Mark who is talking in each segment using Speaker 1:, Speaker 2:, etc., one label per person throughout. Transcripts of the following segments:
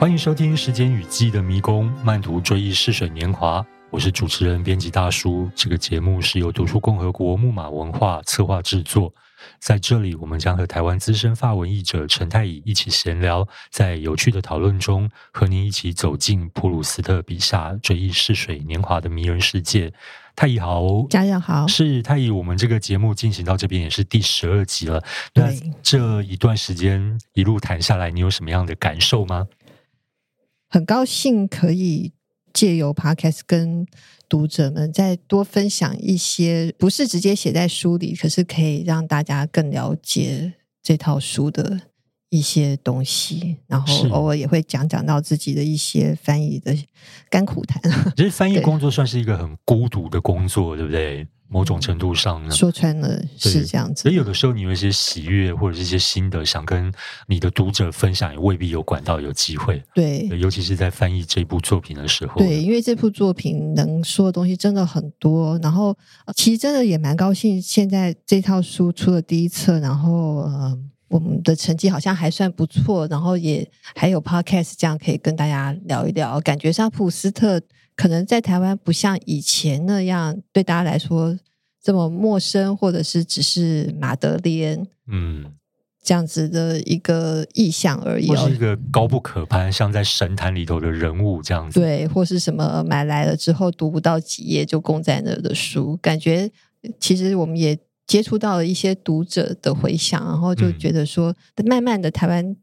Speaker 1: 歡迎收聽《時間與記憶的迷宮》，漫途追憶逝水年華。我是主持人、編輯大叔。這個節目是由讀書共和國、木馬文化策劃制作。在這裡，我們將和台灣資深法文譯者陳太乙一起閒聊，在有趣的討論中，和您一起走進普魯斯特筆下追憶逝水年華的迷人世界。太乙好、哦，嘉佑好，是太乙。我們這個節目進行到這邊也是第十二集了。對，那這一段時間一路談下來，你有什麼樣的感受嗎？
Speaker 2: 很高興可以借由 podcast 跟讀者們再多分享一些，不是直接寫在書裡，可是可以讓大家更了解這套書的一些東西。然後偶爾也會講講到自己的一些翻譯的甘苦談。 其實翻譯
Speaker 1: 工作算是一個很孤獨的工作，對不對？某種程度上呢，說穿了是這樣子。所以有的時候，你有一些喜悅或者是一些心得，想跟你的讀者分享，也未必有管道有機會對。對，尤其是在翻譯這部作品的時候的，對，
Speaker 2: 因為這部作品能說的東西真的很多。然後，其實真的也蠻高興，現在這套書出了第一冊，然後，呃，我們的成績好像還算不錯。然後也還有 Podcast，這樣可以跟大家聊一聊。感覺上普斯特。可能在台灣不像以前那樣對大家來說這麼陌生，或者是只是馬德蓮，嗯，這樣子的一個意象而已、嗯，或是一
Speaker 1: 個高不可攀，像在神壇裡頭的人物這樣子，對，
Speaker 2: 或是什麼買來了之後讀不到幾頁就供在那的書，感覺其實我們也接觸到了一些讀者的回響，然後就覺得說，嗯、慢慢的台灣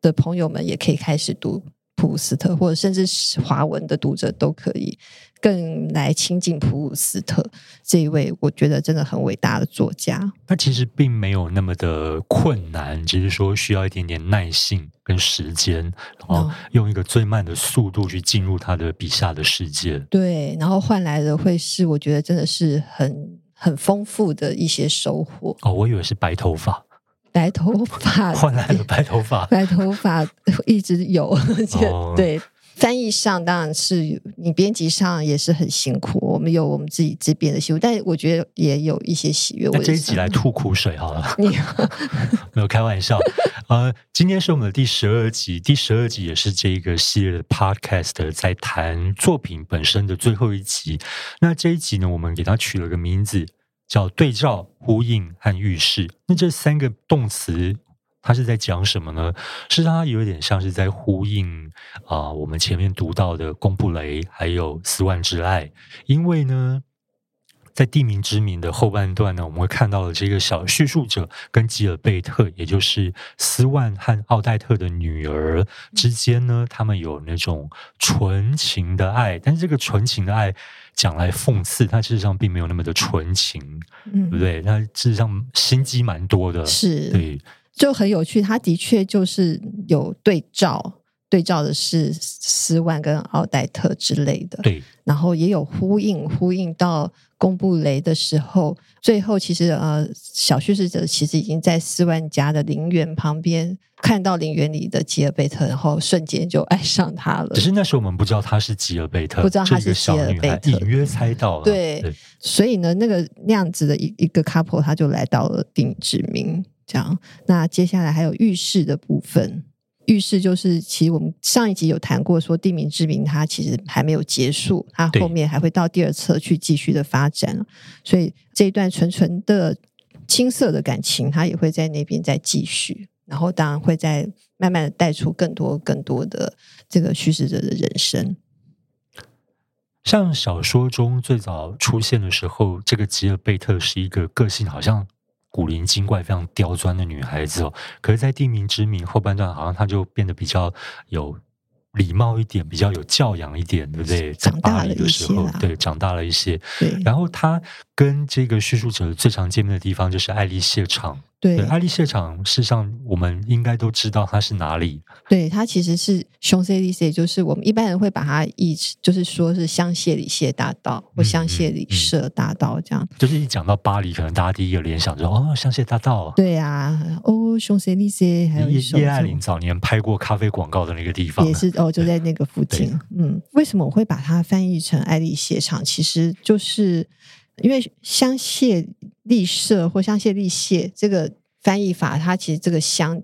Speaker 2: 的朋友們也可以開始讀，普魯斯特，或者甚至是華文的讀者都可以更來親近普魯斯特這一位，我覺得真的很偉大的作家。
Speaker 1: 他其實並沒有那麼的困難，只是說需要一點點耐性跟時間，然後用一個最慢的速度去進入他的筆下的世界。哦、
Speaker 2: 對，然後換來的會是我覺得真的是很很豐富的一些收
Speaker 1: 穫。哦，我以為是白頭髮。
Speaker 2: 白頭髮，
Speaker 1: 換來了白頭髮。白
Speaker 2: 頭髮一直有，oh. 對，翻譯上當然是，你編輯上也是很辛苦。我們有我們自己這邊的辛苦，但我覺得也有一些喜悅。那這一集
Speaker 1: 來吐苦水好
Speaker 2: 了，
Speaker 1: 好 沒有開玩笑，。 呃，今天是我們的第十二集，第十二集也是這個系列的 podcast 在談作品本身的最後一集。那這一集呢，我們給它取了個名字。叫對照、呼應和預示，那這三個動詞，它是在講什麼呢？是它有點像是在呼應啊、呃，我們前面讀到的《貢布雷》還有《斯萬之愛》，因為呢。在地名之名的後半段呢，我們會看到了這個小敘述者跟吉爾貝特，也就是斯萬和奧黛特的女兒之間呢，他們有那種純情的愛。但是這個純情的愛講來諷刺，它事實上並沒有那麼的純情，嗯，對不對？它事實上心機蠻多的，是，對，
Speaker 2: 就很有趣。他的確就是有對照。對照的是斯萬跟奧黛特之類的，對，然後也有呼應，呼應到公布雷的時候，最後其實呃，小敘事者其實已經在斯萬家的陵園旁邊看到陵園裡的吉爾貝特，然後瞬間就愛上他了。只
Speaker 1: 是那時候我們不知道他是吉爾貝特，不知道他是吉爾貝特，這個、小女孩吉爾貝特，隱約猜到了。對，對
Speaker 2: 所以呢，那個那樣子的一一個 couple，他就來到了丁志明，這樣。那接下來還有預示的部分。預示就是，其實我們上一集有談過說，說地名之名，它其實還沒有結束，它後面還會到第二冊去繼續的發展。所以這一段純純的青澀的感情，它也會在那邊再繼續，然後當然會再慢慢的帶出更多更多的這個敘事者的人生。
Speaker 1: 像小說中最早出現的時候，這個吉爾貝特是一個個性好像。古靈精怪、非常刁鑽的女孩子哦，可是，在地名之名後半段，好像她就變得比較有禮貌一點，比較有教養一點，對不對？在巴黎的時候，對，長大了一些。然後她跟這個敘述者最常見面的地方就是愛麗舍場。對，愛麗舍場，事實上我們應該都知道它是哪裡。
Speaker 2: 對，它其實是雄 C D C，就是我們一般人會把它譯，就是說是香榭里謝大道、嗯、或香榭里舍大道這樣。
Speaker 1: 就是一講到巴黎，可能大家第一個聯想說、嗯，哦，香榭大道、啊。
Speaker 2: 對啊，哦、oh,，雄 C D C，還有葉葉愛玲
Speaker 1: 早年拍過咖啡廣告的那個地方，也是
Speaker 2: 哦，oh, 就在那個附近。嗯，為什麼我會把它翻譯成愛麗舍場？其實就是因為香榭。麗舍或香榭麗舍這個翻譯法，它其實這個香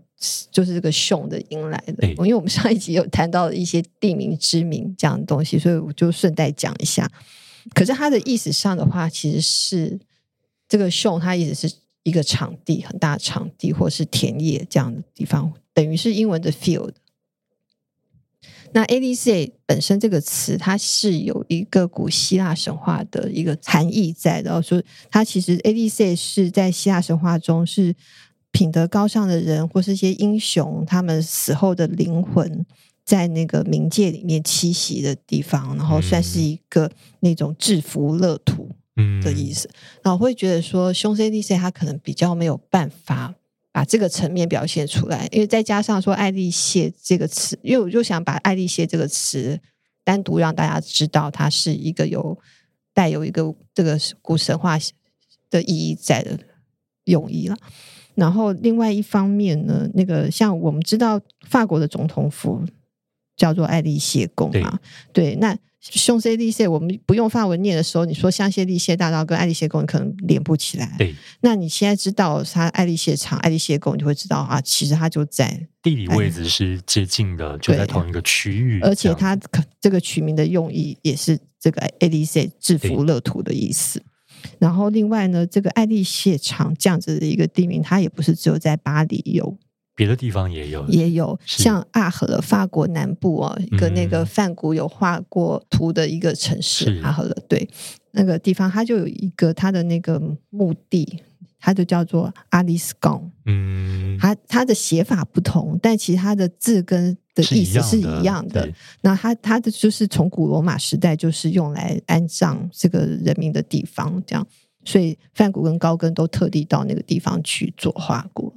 Speaker 2: 就是這個“凶”的音來的。因為我們上一集有談到一些地名之名這樣的東西，所以我就順帶講一下。可是它的意思上的話，其實是這個“凶”，它一直是一個場地，很大的場地或是田野這樣的地方，等於是英文的 “field”。那 A D C 本身這個詞，它是有一個古希臘神話的一個含義在的，然後說它其實 A D C 是在希臘神話中是品德高尚的人或是一些英雄他們死後的靈魂在那個冥界裡面棲息的地方，然後算是一個那種至福樂土的意思。然、嗯、後會覺得說兇 A D C 它可能比較沒有辦法，把這個層面表現出來，因為再加上說“愛麗謝”這個詞，因為我就想把“愛麗謝”這個詞單獨讓大家知道，它是一個有帶有一個這個古神話的意義在的用意了。然後另外一方面呢，那個像我們知道，法國的總統府叫做愛麗謝宮啊，對，對那。雄 C D C，我們不用法文念的時候，你說香榭麗舍大道跟愛麗舍宮可能連不起來。對，那你現在知道它愛麗舍場、愛麗舍宮，你就會知道啊，其實它就在地理位
Speaker 1: 置是接近的，就在同一個區域。而且
Speaker 2: 它這個取名的用意也是這個愛麗舍制服樂土的意思。然後另外呢，這個愛麗舍場這樣子的一個地名，它也不是只有在巴黎有。
Speaker 1: 別的地方也有，也有
Speaker 2: 像阿赫的，法國南部哦，一個那個梵谷有畫過圖的一個城市，嗯、阿赫的。對，那個地方它就有一個它的那個墓地，它就叫做阿里斯岡，嗯，
Speaker 1: 它
Speaker 2: 它的寫法不同，但其他的字跟的意思是一樣的。樣的那它它的就是從古羅馬時代就是用來安葬這個人民的地方，這樣，所以梵谷跟高更都特地到那個地方去做畫過。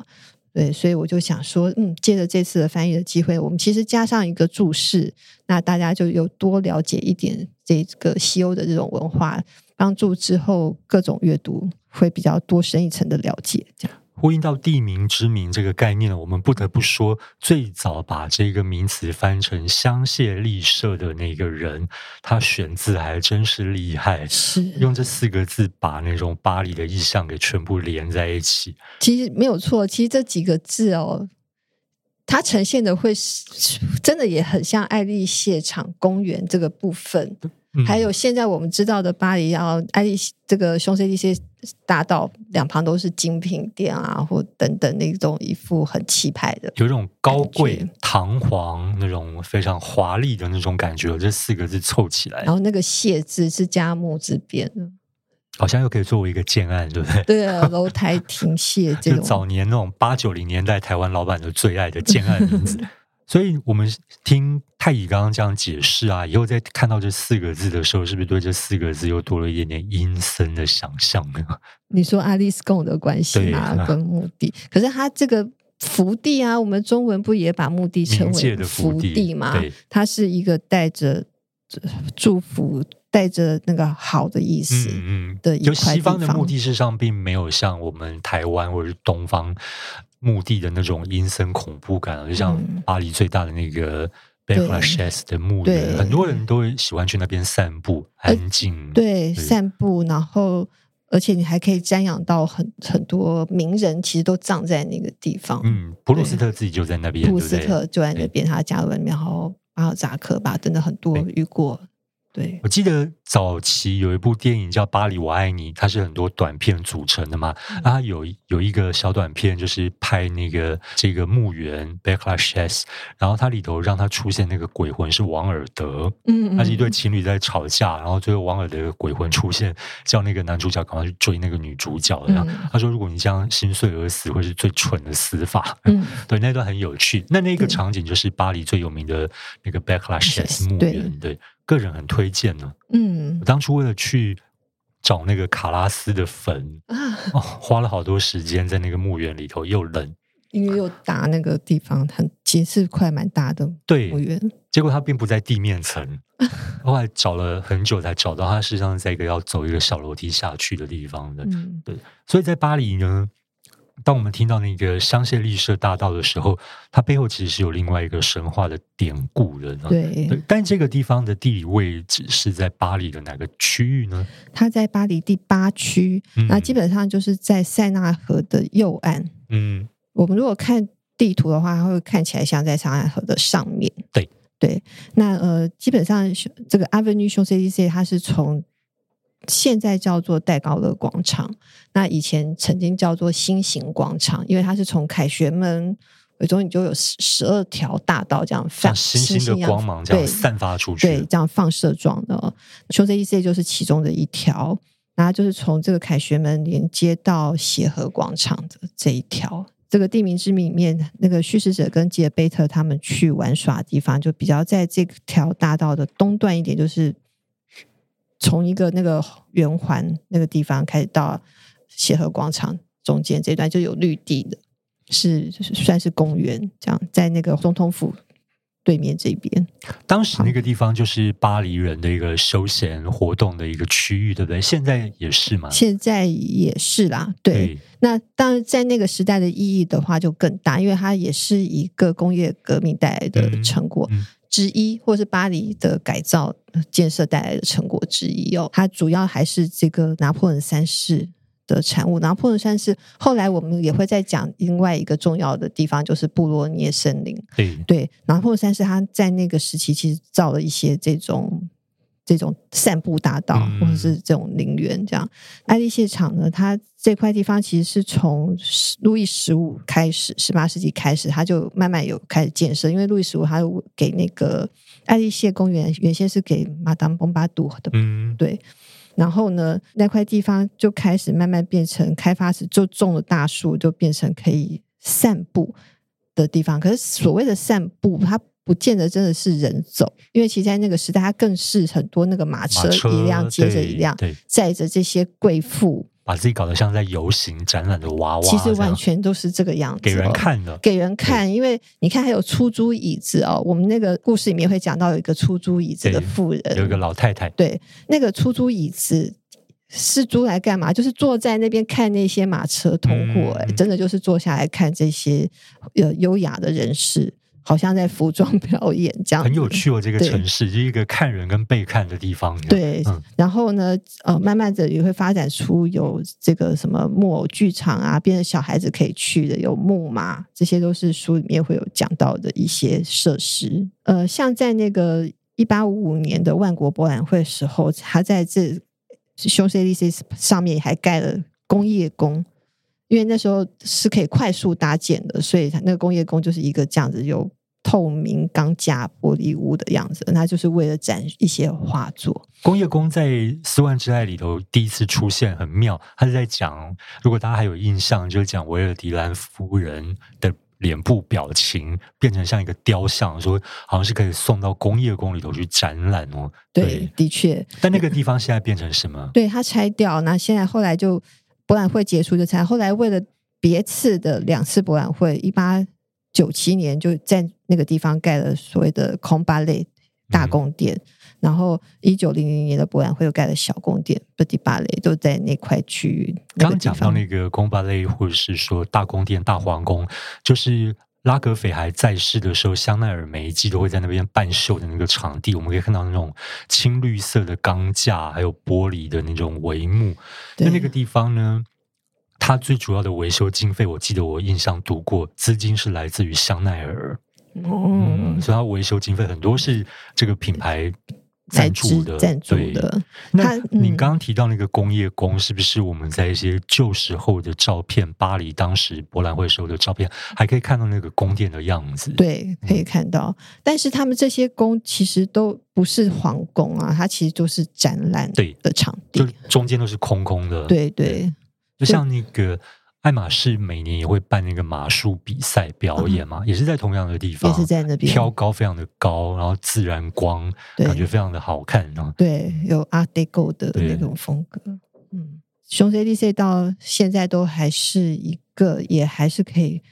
Speaker 2: 對，所以我就想說，嗯，借着這次的翻譯的機會，我們其實加上一個注釋，那大家就有多了解一點這個西歐的這種文化，幫助之後各種閱讀會比較多深一層的了解，這樣。
Speaker 1: 呼應到地名之名這個概念呢，我們不得不說，最早把這個名詞翻成香榭麗舍的那個人，他選字還真是厲害，是用這四個字把那種巴黎的意象給全部連在一起。
Speaker 2: 其實沒有錯，其實這幾個字哦，它呈現的會是真的也很像愛麗舍場公園這個部分。嗯、還有現在我們知道的巴黎啊，愛麗這個胸 C D C 大道兩旁都是精品店啊，或等等那種一副很氣派的，有
Speaker 1: 一種高貴堂皇那種非常華麗的那種感覺、嗯，這四個字湊起來。然後
Speaker 2: 那個“謝”字是加木字邊的，
Speaker 1: 好像又可以作為一個建案，對不對？對、啊，
Speaker 2: 樓臺亭榭這種 就早
Speaker 1: 年那種八九零年代台灣老闆的最愛的建案名字。 所以，我們聽太乙剛剛這樣解釋啊，以後在看到這四個字的時候，是不是對這四個字又多了一點點陰森的想象呢？
Speaker 2: 你說阿利斯跟我的關係啊，跟墓地，可是他這個福地啊，我們中文不也把墓地稱為福地嗎？它是一個帶着祝福、帶着那個好的意思的，嗯嗯。就西方的墓地，事
Speaker 1: 實上並沒有像我們台灣或者是東方。墓地的那種陰森恐怖感、嗯，就像巴黎最大的那個拉雪茲公墓很多人都喜歡去那邊散步，呃、安靜。
Speaker 2: 對，散步，然後而且你還可以瞻仰到很很多名人，其實都葬在那
Speaker 1: 個地方。嗯，普魯斯特自己就在那邊，普魯斯特
Speaker 2: 就在那邊，他家裡,裡面，然後還有扎克吧，等等很多雨果。欸對，
Speaker 1: 我記得早期有一部電影叫《巴黎我愛你》，它是很多短片組成的嘛。嗯、它有有一個小短片就是拍那個這個墓園 Backlashes，然後它裡頭讓它出現那個鬼魂是王爾德，嗯他是一對情侶在吵架，然後最後王爾德的鬼魂出現，嗯、叫那個男主角趕快去追那個女主角。嗯、然後他說：“如果你這樣心碎而死，會是最蠢的死法。嗯” 對，那段很有趣。那那個場景就是巴黎最有名的那個 Backlashes 墓、嗯、園對。個人很推薦呢、啊。嗯，我當初為了去找那個卡拉斯的墳、 哦，花了好多時間在那個墓園裡頭，又冷，
Speaker 2: 因為又大，那個地方很，其實是塊蠻大的墓園。對，
Speaker 1: 結果它並不在地面層，後來找了很久才找到它。實際上在一個要走一個小樓梯下去的地方的。對，嗯、對所以在巴黎呢。當我們聽到那個香榭麗舍大道的時候，它背後其實是有另外一個神話的典故的。對。但這個地方的地理位置是在巴黎的哪個區域呢？
Speaker 2: 它在巴黎第八區，那基本上就是在塞納河的右岸。嗯，我們如果看地圖的話，它會看起來像在塞納河的上面。對。對。那呃，基本上這個 Avenue C C C 它是從。現在叫做戴高樂廣場，那以前曾經叫做星形廣場，因為它是從凱旋門，其中就有十二條大道，這樣放像星星的光芒這樣散發出去對，對，這樣放射狀的。哦。香榭麗舍就是其中的一條，那就是從這個凱旋門連接到協和廣場的這一條。這個地名之名裡面，那個敘事者跟吉爾貝特他們去玩耍的地方，就比較在這條大道的東段一點，就是。從一個那個圓環那個地方開始到協和廣場，中間這段就有綠地的，是、就是、算是公園。這樣在那個總統府對面這邊，
Speaker 1: 當時那個地方就是巴黎人的一個休閒活動的一個區域，對不對？現在也是嗎？現在也是
Speaker 2: 啦，對。對，那當然在那個時代的意義的話就更大，因為它也是一個工業革命帶來的成果。嗯，嗯。之一，或是巴黎的改造建設帶來的成果之一哦，它主要還是這個拿破崙三世的產物。拿破崙三世後來我們也會再講另外一個重要的地方，就是布洛涅森林。嗯。對，拿破崙三世他在那個時期其實造了一些這種。這種散步大道，嗯嗯，或者是這種林園。這樣愛麗舍場呢，它這塊地方其實是從路易十五開始，十八世紀開始，它就慢慢有開始建設。因為路易十五有給那個愛麗舍公園，原先是給馬當龐巴度的，嗯、嗯，對。然後呢，那塊地方就開始慢慢變成開發時就種了大樹，就變成可以散步的地方。可是所謂的散步，它，不見得真的是人走，因為其實在那個時代，它更是很多那個馬車，馬車一輛接着一輛，載着這些貴婦，
Speaker 1: 把自己搞得像在遊行展覽的娃娃。其實完
Speaker 2: 全都是這個樣
Speaker 1: 子，哦，給人看的，
Speaker 2: 給人看。因為你看，還有出租椅子哦，我們那個故事裡面會講到有一個出租椅子的婦人，
Speaker 1: 有一個老太太。對，
Speaker 2: 那個出租椅子是租來幹嘛？就是坐在那邊看那些馬車通過，欸嗯嗯，真的就是坐下來看這些呃優雅的人士。好像在服裝表演這樣，很有趣哦。這個
Speaker 1: 城市，就是一個看人跟被看的地方。對、
Speaker 2: 嗯，然後呢，呃，慢慢的也會發展出有這個什麼木偶劇場啊，變成小孩子可以去的，有木馬，這些都是書裡面會有講到的一些設施。呃，像在那個一八五五年的萬國博覽會的時候，他在這香榭麗舍大道上面還蓋了工業宮。因為那時候是可以快速搭建的，所以它那個工業宮就是一個這樣子有透明鋼架玻璃屋的樣子。他就是為了展一些畫作。
Speaker 1: 工業宮在《斯萬之愛》裡頭第一次出現，很妙。他是在講，如果大家還有印象，就是講維爾迪蘭夫人的臉部表情變成像一個雕像，說好像是可以送到工業宮裡頭去展覽哦，對。對，的確。但那個地方現在變成什麼？
Speaker 2: 對，它拆掉。那現在後來就。博覽會結束就拆，後來為了別次的兩次博覽會，一八九七年就在那個地方蓋了所謂的空巴雷大宮殿，嗯、然後一九零零年的博覽會又蓋了小宮殿布迪巴雷，都在那塊區域。剛講到
Speaker 1: 那個空巴雷或者是說大宮殿，大皇宮，就是。拉格斐還在世的時候，香奈兒每一季都會在那邊辦秀的那個場地，我們可以看到那種青綠色的鋼架，還有玻璃的那種帷幕。那那個地方呢，它最主要的維修經費，我記得我印象讀過，資金是來自於香奈兒，oh. 嗯，所以它維修經費很多是這個品牌。贊助的，贊助的。那你剛剛提到那個工業宮、嗯，是不是我們在一些舊時候的照片，巴黎當時博覽會時候的照片，還可以看到那個宮殿的樣子？
Speaker 2: 對，可以看到。嗯，但是他們這些宮其實都不是皇宮啊，嗯、它其實都是展覽對
Speaker 1: 的場地，中間都是空空的。對對，就像那個。愛馬仕每年也會辦那個馬術比賽表演嘛、嗯，也是在同樣的地方，也是在那邊，挑高非常的高，然後自然光，對，感覺非常的好看啊，
Speaker 2: 對，有 Art Deco 的那種風格，嗯，雄 CDC 到現在都還是一個，也還是可以。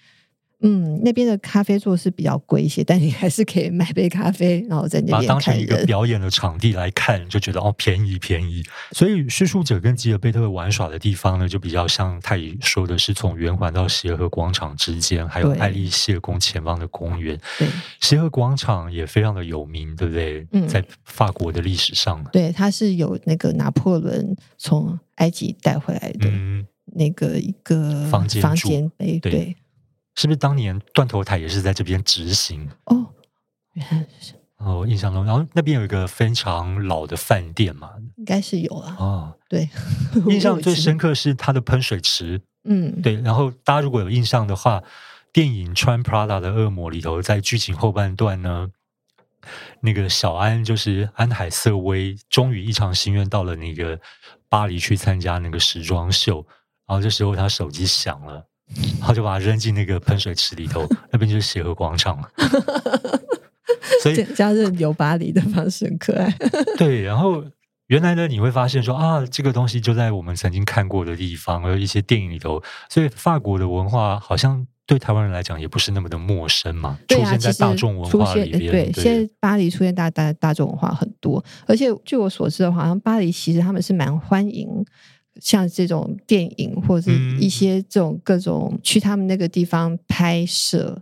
Speaker 2: 嗯，那邊的咖啡座是比較貴一些，但你還是可以買杯咖啡，然後在那邊。把當成一個
Speaker 1: 表演的場地來看，就覺得哦，便宜便宜。所以敘述者跟吉爾貝特玩耍的地方呢，就比較像泰語說的是從圓環到協和廣場之間，還有愛麗舍宮前方的公園。對，協和廣場也非常的有名，對不對？嗯，在法國的歷史上，對，
Speaker 2: 它是有那個拿破崙從埃及帶回來的，那個一個房間。房間，對。
Speaker 1: 是不是當年斷頭台也是在這邊執行？哦，
Speaker 2: 原
Speaker 1: 來是哦，我印象中，然後那邊有一個非常老的飯店嘛，應
Speaker 2: 該是有啊。哦，對，
Speaker 1: 印象最深刻是它的噴水池。 嗯，對。然後大家如果有印象的話，電影《穿 Prada 的惡魔》裡頭，在劇情後半段呢，那個小安就是安海瑟薇，終於一償心願，到了那個巴黎去參加那個時裝秀。然後這時候他手機響了。他就把它扔進那個噴水池裡頭， 那邊就是協和廣場了。 所以這樣
Speaker 2: 子有巴黎的方式很可愛。
Speaker 1: 對，然後原來呢，你會發現說啊，這個東西就在我們曾經看過的地方，有一些電影裡頭。所以法國的文化好像對台灣人來講也不是那麼的陌生嘛， 出現在大眾文化裡邊。對啊，其實出現，對，現
Speaker 2: 在巴黎出現大大大眾文化很多，而且據我所知的話，好像巴黎其實他們是蠻歡迎，像這種電影，或者是一些這種各種去他們那個地方拍攝。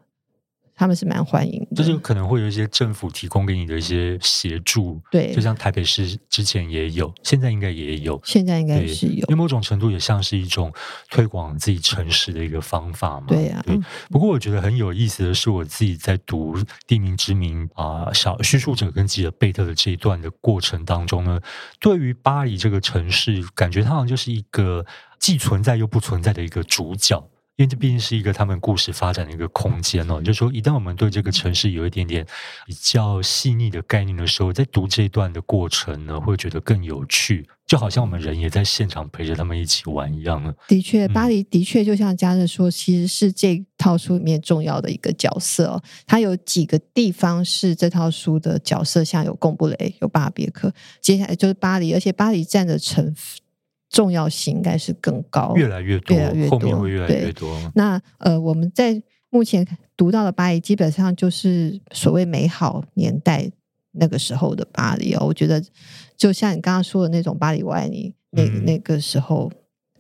Speaker 2: 他們是蠻歡迎的，就
Speaker 1: 是可能會有一些政府提供給你的一些協助，對，就像台北市之前也有，現在應該也有，現在應該是有，因為某種程度也像是一種推廣自己城市的一個方法嘛。對呀、啊，不過我覺得很有意思的是，我自己在讀《地名之名》啊，小敘述者跟吉兒貝特的這一段的過程當中呢，對於巴黎這個城市，感覺它好像就是一個既存在又不存在的一個主角。因為這畢竟是一個他們故事發展的一個空間哦，就是說一旦我們對這個城市有一點點比較細膩的概念的時候，在讀這段的過程呢，會覺得更有趣，就好像我們人也在現場陪着他們一起玩一樣了。
Speaker 2: 的確，巴黎的確就像加熱說，其實是這套書裡面重要的一個角色哦。它有幾個地方是這套書的角色，像有貢布雷、有巴別克，接下來就是巴黎，而且巴黎占的城，重要性應該是更高，越來越多，越來越多，後面會越來越多。對。那，呃，我們在目前讀到的巴黎，基本上就是所謂美好年代那個時候的巴黎。哦，我覺得，就像你剛剛說的那種“巴黎我愛你”嗯、那那個時候，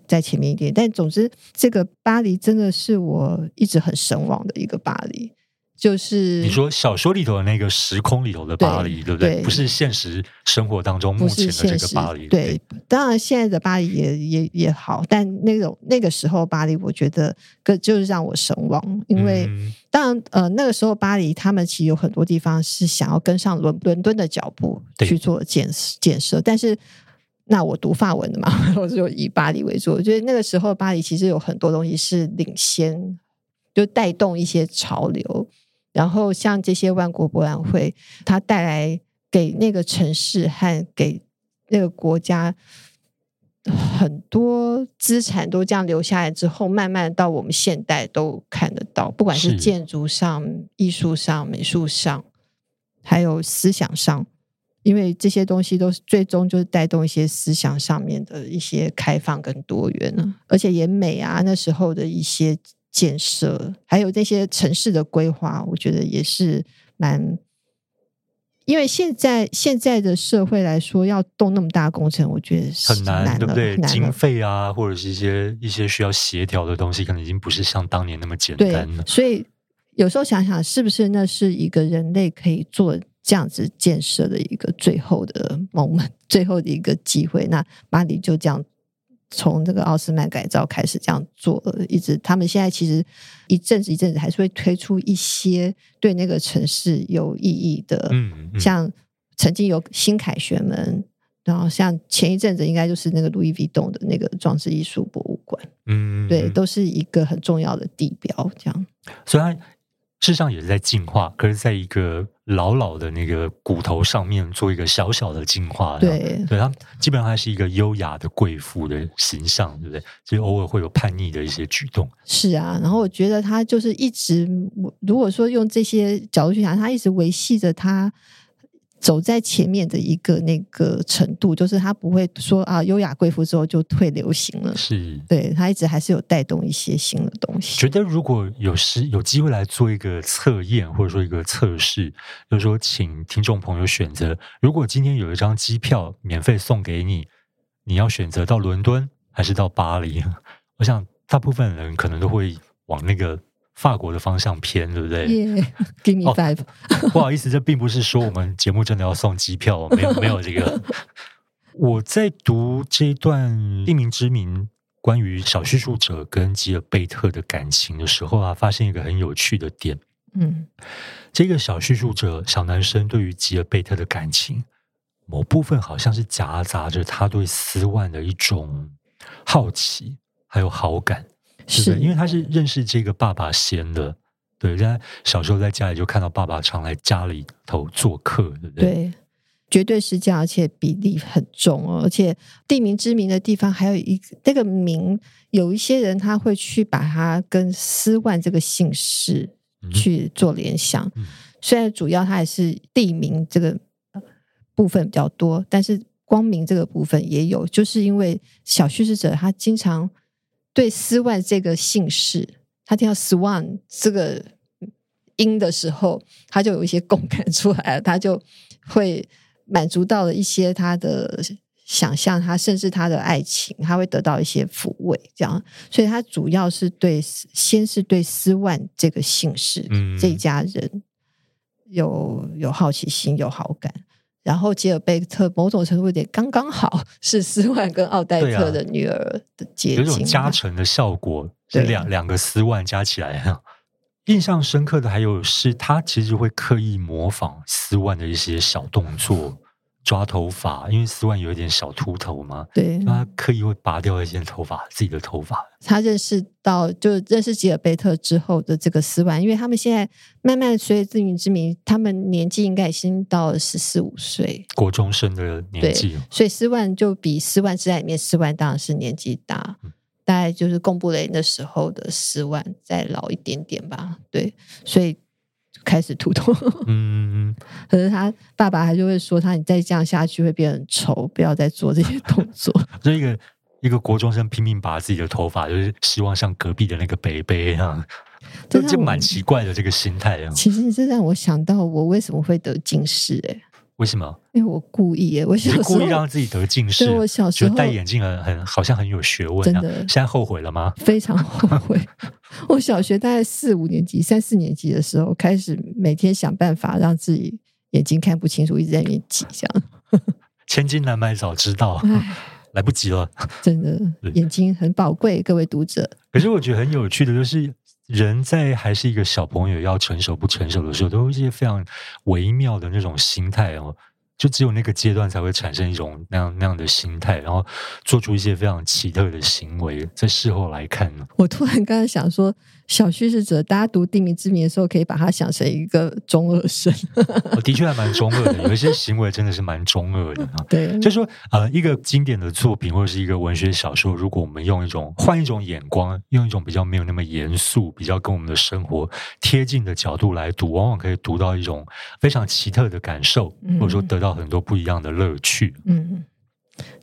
Speaker 2: 再前面一點。但總之，這個巴黎真的是我一直很神往的一個巴黎。
Speaker 1: 就是你說小說裡頭的那個時空裡頭的巴黎對，對不對？不是現實生活當中目前的這個巴黎。對，對，
Speaker 2: 當然現在的巴黎也也也好，但那種那個時候巴黎，我覺得更就是讓我神往。因為、嗯、當然呃，那個時候巴黎，他們其實有很多地方是想要跟上倫倫敦的腳步去做建建設，但是那我讀法文的嘛，我就以巴黎為主，覺得、就是、那個時候巴黎其實有很多東西是領先，就帶動一些潮流。然後像這些萬國博覽會，它帶來給那個城市和給那個國家很多資產都這樣留下來之後，慢慢到我們現代都看得到，不管是建築上、藝術上、美術上，還有思想上，因為這些東西都是最終就是帶動一些思想上面的一些開放跟多元了，而且也美啊，那時候的一些。建設還有這些城市的規劃，我覺得也是蠻。因為現在現在的社會來說，要動那麼大工程，我覺得難，很難，對不對？很難。經
Speaker 1: 費啊，或者是一些一些需要協調的東西，可能已經不是像當年那麼簡單了。所
Speaker 2: 以有時候想想，是不是那是一個人類可以做這樣子建設的一個最後的 moment，最後的一個機會？那巴黎就這樣。從這個奧斯曼改造開始這樣做，一直他們現在其實一陣子一陣子還是會推出一些對那個城市有意義的，嗯嗯嗯、像曾經有新凱旋門，然後像前一陣子應該就是那個路易威登的那個裝置藝術博物館嗯嗯，嗯，對，都是一個很重要的地標，這樣。
Speaker 1: So I... 事實上也是在進化，可是在一個老老的那個骨頭上面做一個小小的進化的，對，對，他基本上還是一個優雅的貴婦的形象，對不對？所以偶爾會有叛逆的一些舉動。
Speaker 2: 是啊，然後我覺得他就是一直，如果說用這些角度去想，他一直維繫着他。走在前面的一個那個程度，就是他不會說啊，優雅貴婦之後就退流行了。是，對，他一直還是有帶動一些新的
Speaker 1: 東西。覺得如果有時有機會來做一個測驗，或者說一個測試，就是說請聽眾朋友選擇，如果今天有一張機票免費送給你，你要選擇到倫敦還是到巴黎？我想大部分人可能都會往那個。法國的方向偏，對不對？Give me five。不好意思，這並不是說我們節目真的要送機票， 沒有，沒有這個。我在讀這一段《地名之名》關於小敘述者跟吉爾貝特的感情的時候啊，發現一個很有趣的點。嗯，這個小敘述者小男生對於吉爾貝特的感情，某部分好像是夾雜着他對斯萬的一種好奇，還有好感。對對是的，因為他是認識這個爸爸先的，對，在小時候在家裡就看到爸爸常來家裡頭做客，對不對？
Speaker 2: 對，絕對是這樣，而且比例很重哦。而且地名知名的地方，還有一個那個名，有一些人他會去把它跟斯萬這個姓氏去做聯想。嗯、雖然主要他還是地名這個部分比較多，但是光明這個部分也有，就是因為小敘事者他經常。對斯萬這個姓氏，他聽到 “Swan” 這個音的時候，他就有一些共感出來了，他就會滿足到了一些他的想象他，他甚至他的愛情，他會得到一些撫慰，這樣。所以，他主要是對先是對斯萬這個姓氏，這一家人有有好奇心，有好感。然後吉爾貝特某種程度也剛剛好是斯萬跟奧黛特的女兒的結
Speaker 1: 晶，啊啊，有種加成的效果，是兩、啊、兩個斯萬加起來。印象深刻的還有是，他其實會刻意模仿斯萬的一些小動作。抓頭髮，因為斯萬有一點小禿頭嘛，對，他刻意會拔掉一些頭髮，自己的頭髮。
Speaker 2: 他認識到，就認識吉爾貝特之後的這個斯萬，因為他們現在慢慢隨着自雲之名，他們年紀應該已經到了十四
Speaker 1: 五歲，國中生的年紀。
Speaker 2: 所以斯萬就比斯萬之家裡面斯萬當然是年紀大，嗯，大概就是貢布雷那時候的斯萬再老一點點吧。對，所以。開始禿頭， 嗯，嗯，嗯，可是他爸爸他就會說他，你再這樣下去會變很醜，不要再做這些動作。
Speaker 1: 所以一個一個國中生拼命拔自己的頭髮，就是希望像隔壁的那個北北一樣，就就蠻奇怪的這個心態。其
Speaker 2: 實這讓我想到，我為什麼會得近視？欸？為什麼？因為我故意，我是故意讓
Speaker 1: 自己得近視，我小時候覺得戴眼鏡很很好像很有學問啊。真的，現在後悔了嗎？非
Speaker 2: 常後悔。我小學大概四五年級， 三四年級的時候，開始每天想辦法讓自己眼睛看不清楚，一直在裡面擠，
Speaker 1: 這樣。千金難買早知道，來不及了。真的，眼睛很
Speaker 2: 寶貴，各位讀者。
Speaker 1: 可是我覺得很有趣的，就是。人在還是一個小朋友，要成熟不成熟的時候，都有一些非常微妙的那種心態哦，就只有那個階段才會產生一種那樣那樣的心態，然後做出一些非常奇特的行為，在事後來看呢，
Speaker 2: 我突然剛才想說。小敘事者，大家讀地名之名的時候，可以把它想成一個中二生。
Speaker 1: 的確還蠻中二的，有一些行為真的是蠻中二的。 對，就是說，呃，一個經典的作品或者是一個文學小說，如果我們用一種換一種眼光，用一種比較沒有那麼嚴肅、比較跟我們的生活貼近的角度來讀，往往可以讀到一種非常奇特的感受，或者說得到很多不一樣的樂趣。嗯。
Speaker 2: 嗯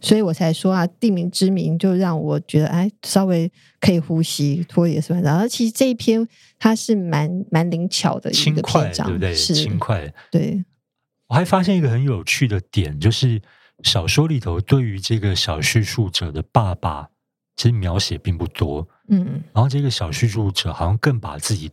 Speaker 2: 所以我才說啊，地名之名就讓我覺得哎，稍微可以呼吸、拖延斯萬。然後其實這一篇它是蠻蠻靈巧的一個篇章，對不對？是輕
Speaker 1: 快。對，對，對我還發現一個很有趣的點，就是小說裡頭對於這個小敘述者的爸爸其實描寫並不多。嗯嗯。然後這個小敘述者好像更把自己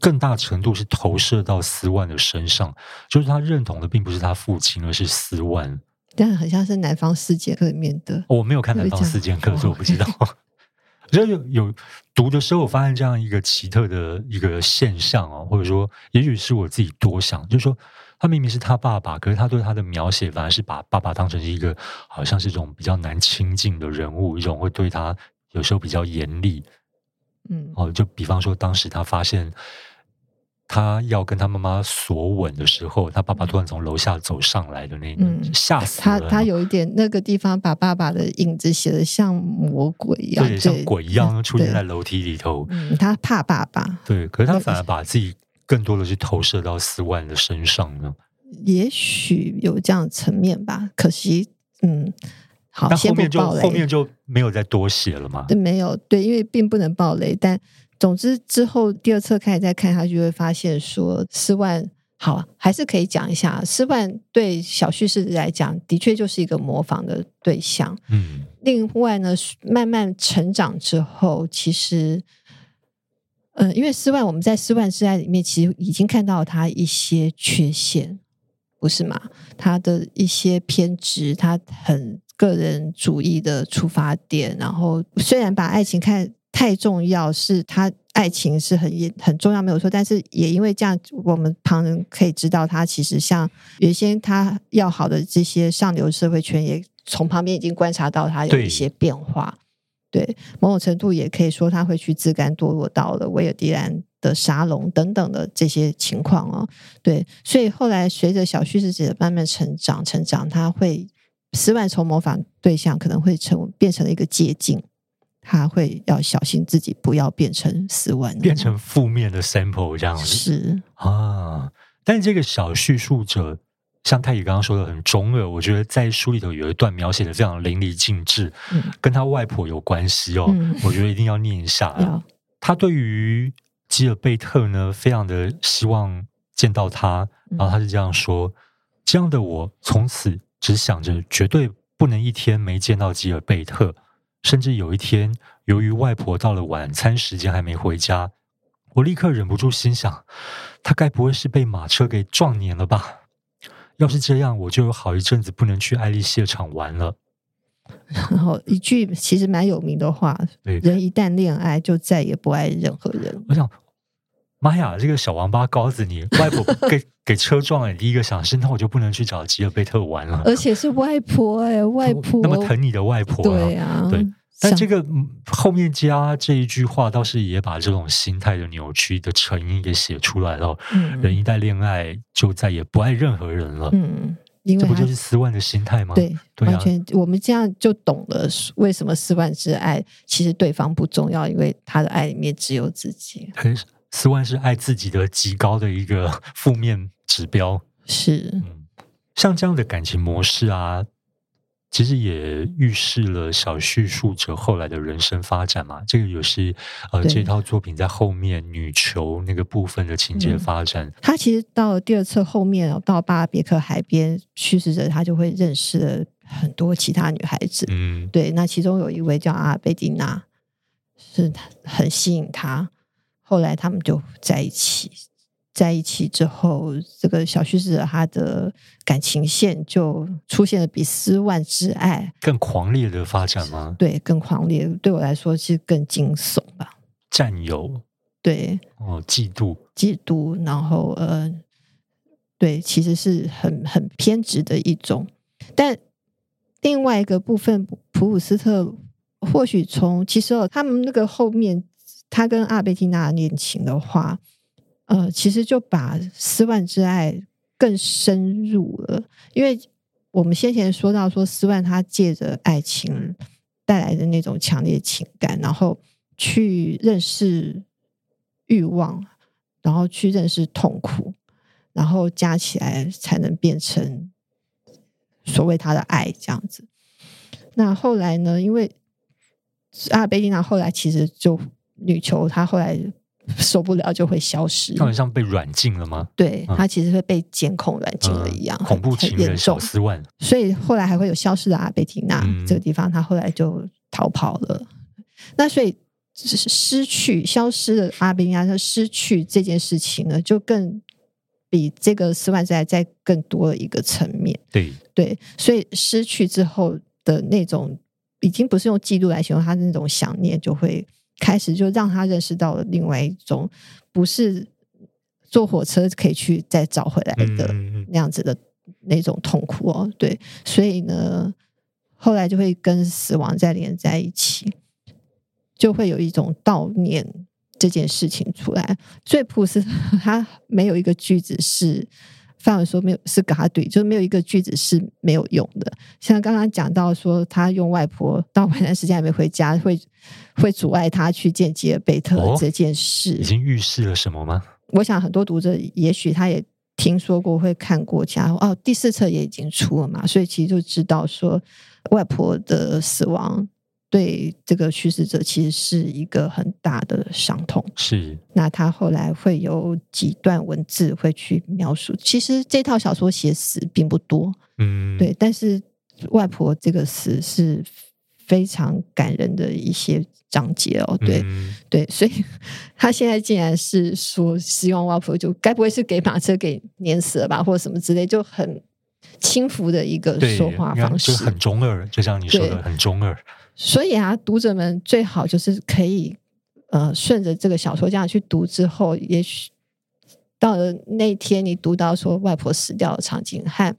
Speaker 1: 更大程度是投射到斯萬的身上，就是他認同的並不是他父親，而是斯萬。
Speaker 2: 但很像是南方四賤客裡面的，我
Speaker 1: 沒有看南方四賤客，所以我不知道。我 覺 有，有讀的時候，我發現這樣一個奇特的一個現象哦，或者說，也許是我自己多想，就是說，他明明是他爸爸，可是他對他的描寫，反而是把爸爸當成是一個，好像是一種比較難親近的人物，一種會對他有時候比較嚴厲。嗯，哦，就比方說，當時他發現。他要跟他媽媽索吻的時候，他爸爸突然從樓下走上來的那，嗯、嚇死他，他
Speaker 2: 有一點那個地方把爸爸的影子寫得像魔鬼一樣，對，像鬼
Speaker 1: 一樣、啊、出現在樓梯裡頭、
Speaker 2: 嗯。他怕爸爸。
Speaker 1: 對，可是他反而把自己更多的是投射到斯萬的身上呢？
Speaker 2: 也許有這樣的層面吧。可惜，嗯，
Speaker 1: 好，後面就後面就沒有再多寫了嘛。對，
Speaker 2: 沒有對，因為並不能爆雷，但。總之，之後第二冊開始再看，他就會發現說，斯萬好還是可以講一下。斯萬對小敘事氏來講，的確就是一個模仿的對象。嗯。另外呢，慢慢成長之後，其實，嗯，呃，因為斯萬，我們在斯萬之戀裡面，其實已經看到他一些缺陷，不是嗎？他的一些偏執，他很個人主義的出發點，然後雖然把愛情看。太重要，是他愛情是很很重要，沒有錯。但是也因為這樣，我們旁人可以知道，他其實像原先他要好的這些上流社會圈，也從旁邊已經觀察到他有一些變化。對，對某種程度也可以說，他會去自甘墮落到了維爾迪蘭的沙龍等等的這些情況哦。對，所以後來隨着小敘事者慢慢成長，成長，他會失敗，從模仿對象可能會成變成了一個捷
Speaker 1: 徑。他
Speaker 2: 會要小心自己，不要變成斯
Speaker 1: 萬，變成負面的 sample 這樣子是啊。但這個小敘述者，像太乙剛剛說的很中二，我覺得在書裡頭有一段描寫的非常淋漓盡致，嗯，跟他外婆有關係哦。嗯、我覺得一定要念一下。 他對於吉爾貝特呢，非常的希望見到他，然後他就這樣說，嗯，這樣的我從此只想着，絕對不能一天沒見到吉爾貝特。甚至有一天，由於外婆到了晚餐時間還沒回家，我立刻忍不住心想：她該不會是被馬車給撞碾了吧？要是這樣，我就有好一陣子不能去愛麗舍場玩了。
Speaker 2: 然後一句其實蠻有名的話：人一旦戀愛，就再也不愛任何人。我想，
Speaker 1: 媽呀，這個小王八羔子你，你外婆給。 給車撞了，第一個想是那我就不能去找吉爾貝特玩了，而
Speaker 2: 且是外婆哎、欸，外婆、喔嗯、那麼疼
Speaker 1: 你的外婆、啊，對呀、啊。對。但這個後面加這一句話，倒是也把這種心態的扭曲的成因給寫出來了。嗯、人一旦戀愛就再也不愛任何人了，嗯，因為這不就是斯萬的心態嗎？對，對啊、完全
Speaker 2: 我們這樣就懂了，為什麼斯萬是愛其實對方不重要，因為他的愛裡面只有自己。哎、
Speaker 1: 欸，斯萬是愛自己的極高的一個負面。指標是，嗯，像這樣的感情模式啊，其實也預示了小敘述者後來的人生發展嘛。這個也、就是，呃，這套作品在後面女囚那個部分的情節發展，嗯。
Speaker 2: 他其實到了第二次後面到巴別克海邊，敘述者他就會認識了很多其他女孩子。嗯，對，那其中有一位叫阿爾貝蒂娜，就是很吸引他，後來他們就在一起。在一起之後，這個小敘事他的感情線就出現了，比《斯萬之愛》
Speaker 1: 更狂烈的發展嗎？
Speaker 2: 對，更狂烈。對我來說是更驚悚吧。
Speaker 1: 佔有。對哦，嫉妒，
Speaker 2: 嫉妒，然後嗯、呃、對，其實是很很偏執的一種。但另外一個部分，普魯斯特或許從其實哦，他們那個後面，他跟阿爾貝蒂娜的戀情的話。呃，其實就把《斯萬之愛》更深入了，因為我們先前說到說斯萬他借着愛情帶來的那種強烈情感，然後去認識慾望，然後去認識痛苦，然後加起來才能變成所謂他的愛這樣子。那後來呢？因為阿爾貝蒂娜後來其實就女囚，她後來。受不了就會消失，可好
Speaker 1: 像被軟禁了嗎？對、嗯、他其實
Speaker 2: 會被監控軟禁了一樣、嗯，恐怖情人小斯萬。所以後來還會有消失的阿貝提娜、嗯、這個地方，他後來就逃跑了、嗯。那所以失去、消失的阿貝提娜就失去這件事情呢，就更比這個斯萬在在更多的一個層面。對對，所以失去之後的那種，已經不是用嫉妒來形容，他的那種想念就會。開始就讓他認識到了另外一種不是坐火車可以去再找回來的那樣子的那種痛苦哦，對，所以呢，後來就會跟死亡在連在一起，就會有一種悼念這件事情出來。最樸實，他沒有一個句子是，範文說沒有是跟他對，就是沒有一個句子是沒有用的。像剛剛講到說他用外婆到晚餐時間還沒回家，會會阻礙他去見吉兒貝特這件事，
Speaker 1: 哦、已經預示了什麼嗎？
Speaker 2: 我想很多讀者也許他也聽說過，會看過，然後哦，第四冊也已經出了嘛，所以其實就知道說外婆的死亡。對這個敘述者其實是一個很大的傷痛，是。那他後來會有幾段文字會去描述。其實這套小說寫死並不多，嗯，對。但是外婆這個死是非常感人的一些章節哦，嗯、對對。所以他現在竟然是說，希望外婆就該不會是給馬車給碾死了吧？或者什麼之類，就很輕浮的一個說話方式，就很
Speaker 1: 中二，就像你說的，很中二。
Speaker 2: 所以啊，讀者們最好就是可以，呃，順着這個小說這樣去讀之後，也許到了那天你讀到說外婆死掉的場景，和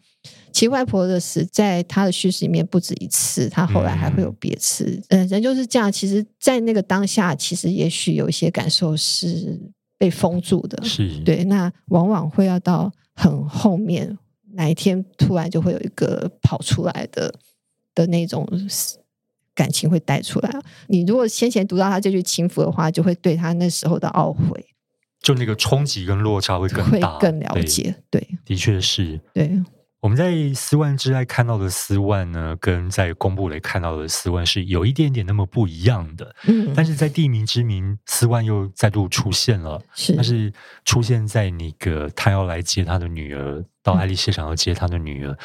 Speaker 2: 其實外婆的死，在他的敘事裡面不止一次，他後來還會有別次。嗯、呃，人就是這樣，其實在那個當下，其實也許有一些感受是被封住的。是，對，那往往會要到很後面，哪一天突然就會有一個跑出來的的那種。感情會帶出來你如果先前讀到他這句輕浮的話，就會對他那時候的懊悔，
Speaker 1: 嗯、就那個衝擊跟落差會更大、更了解，對。對，的確是。對，我們在《斯萬之愛》看到的斯萬呢，跟在《貢布雷》看到的斯萬是有一點點那麼不一樣的。嗯，但是在《地名之名》，斯萬又再度出現了，是，但是出現在那個他要來接他的女兒到愛麗舍場要接他的女兒、嗯。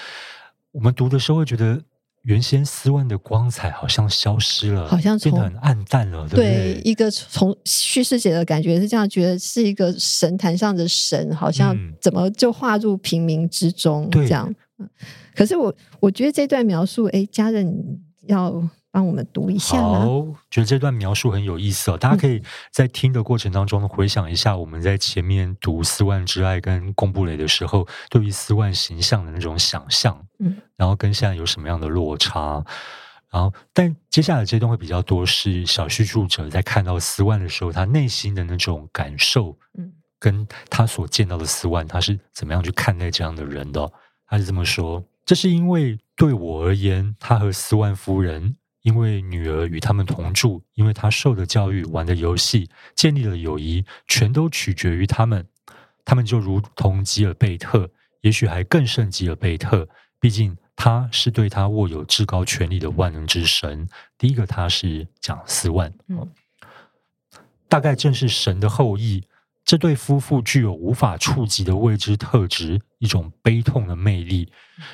Speaker 1: 我們讀的時候會覺得。原先斯萬的光彩好像消失了，好像變得很暗淡了，對不對？對，
Speaker 2: 一個從敘事寫的感覺是這樣，覺得是一個神壇上的神，好像怎麼就劃入平民之中，嗯、這樣對。可是我我覺得這段描述，哎，家人要。幫
Speaker 1: 我們讀一下。哦，覺得這段描述很有意思哦。大家可以在聽的過程當中回想一下，我們在前面讀斯萬之愛跟貢布雷的時候，對於斯萬形象的那種想象。嗯，然後跟現在有什麼樣的落差？然後，但接下來這段會比較多是小敘述者在看到斯萬的時候，他內心的那種感受。嗯，跟他所見到的斯萬，他是怎麼樣去看待這樣的人的哦。他是這麼說：“這是因為對我而言，他和斯萬夫人。”因為女兒與他們同住，因為她受的教育、玩的遊戲、建立的友誼，全都取決於他們。他們就如同吉爾貝特，也許還更勝吉爾貝特。畢竟他是對她握有至高權力的萬能之神。第一個，他是講斯萬，嗯，大概正是神的後裔。這對夫婦具有無法觸及的未知特質，一種悲痛的魅力。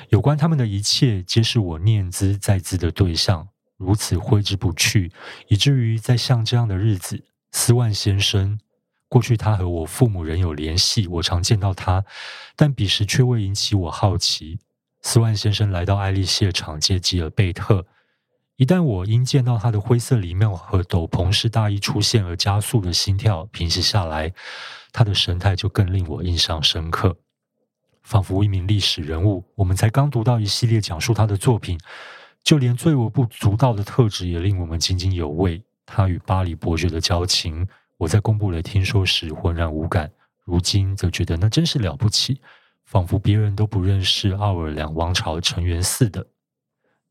Speaker 1: 有關他們的一切，皆是我念茲在茲的對象。如此揮之不去，以至於在像這樣的日子，斯萬先生過去他和我父母仍有聯繫，我常見到他，但彼時卻未引起我好奇。斯萬先生來到愛麗舍場接吉爾貝特，一旦我因見到他的灰色禮帽和斗篷式大衣出現而加速的心跳平息下來，他的神態就更令我印象深刻，仿佛一名歷史人物。我們才剛讀到一系列講述他的作品。就連最微不足道的特質也令我們津津有味。他與巴黎伯爵的交情，我在貢布雷聽說時渾然無感，如今則覺得那真是了不起，仿佛別人都不認識奧爾良王朝成員似的。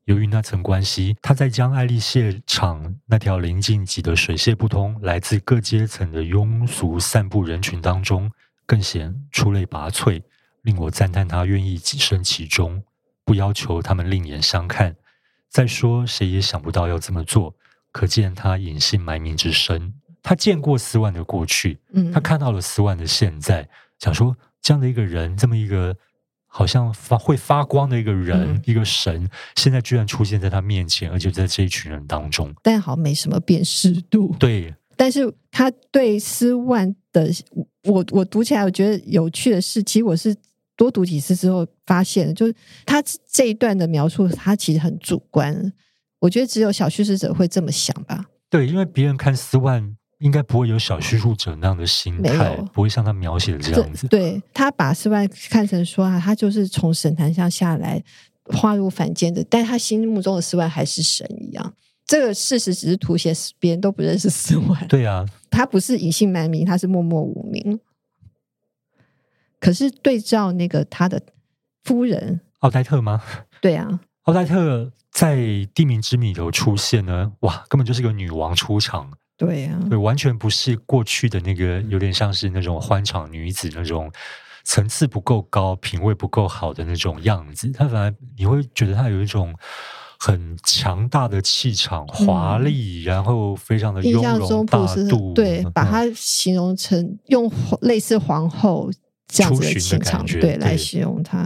Speaker 1: 由於那層關係，他在將愛麗榭場那條鄰近擠得水泄不通、來自各階層的庸俗散步人群當中，更顯出類拔萃，令我讚嘆他願意躋身其中，不要求他們另眼相看。再說，誰也想不到要這麼做，可見他隱姓埋名之深。他見過斯萬的過去，嗯，他看到了斯萬的現在，嗯，想說這樣的一個人，這麼一個好像發會發光的一個人，嗯，一個神，現在居然出現在他面前，而且在這一群人當中。
Speaker 2: 但好像沒什麼辨識度。對，但是他對斯萬的，我我讀起來我覺得有趣的是，其實我是。多讀幾次之後，發現就是他這一段的描述，他其實很主觀。我覺得只有小敘事者會這麼想
Speaker 1: 吧。對，因為別人看斯萬，應該不會有小敘述者那樣的心態，沒有，不會像他描寫的這樣子。
Speaker 2: 對，他把斯萬看成說啊，他就是從神壇上下來，化入凡間的，但他心目中的斯萬還是神一樣。這個事實只是凸顯，別人都不認識斯
Speaker 1: 萬。對啊，
Speaker 2: 他不是隱姓埋名，他是默默無名。可是對照那個他的夫人
Speaker 1: 奧黛特嗎？對啊，奧黛特在《地名之謎》裡頭出現呢、嗯，哇，根本就是個女王出場，
Speaker 2: 對呀、啊，對，
Speaker 1: 完全不是過去的那個，有點像是那種歡場女子、嗯、那種層次不夠高、品味不夠好的那種樣子。她反而你會覺得她有一種很強大的氣場、華麗、嗯，然後非常的雍容大度，印象中普是，對，
Speaker 2: 嗯、把她形容成用類似皇後。嗯嗯這樣子的心腸，對，來形容他。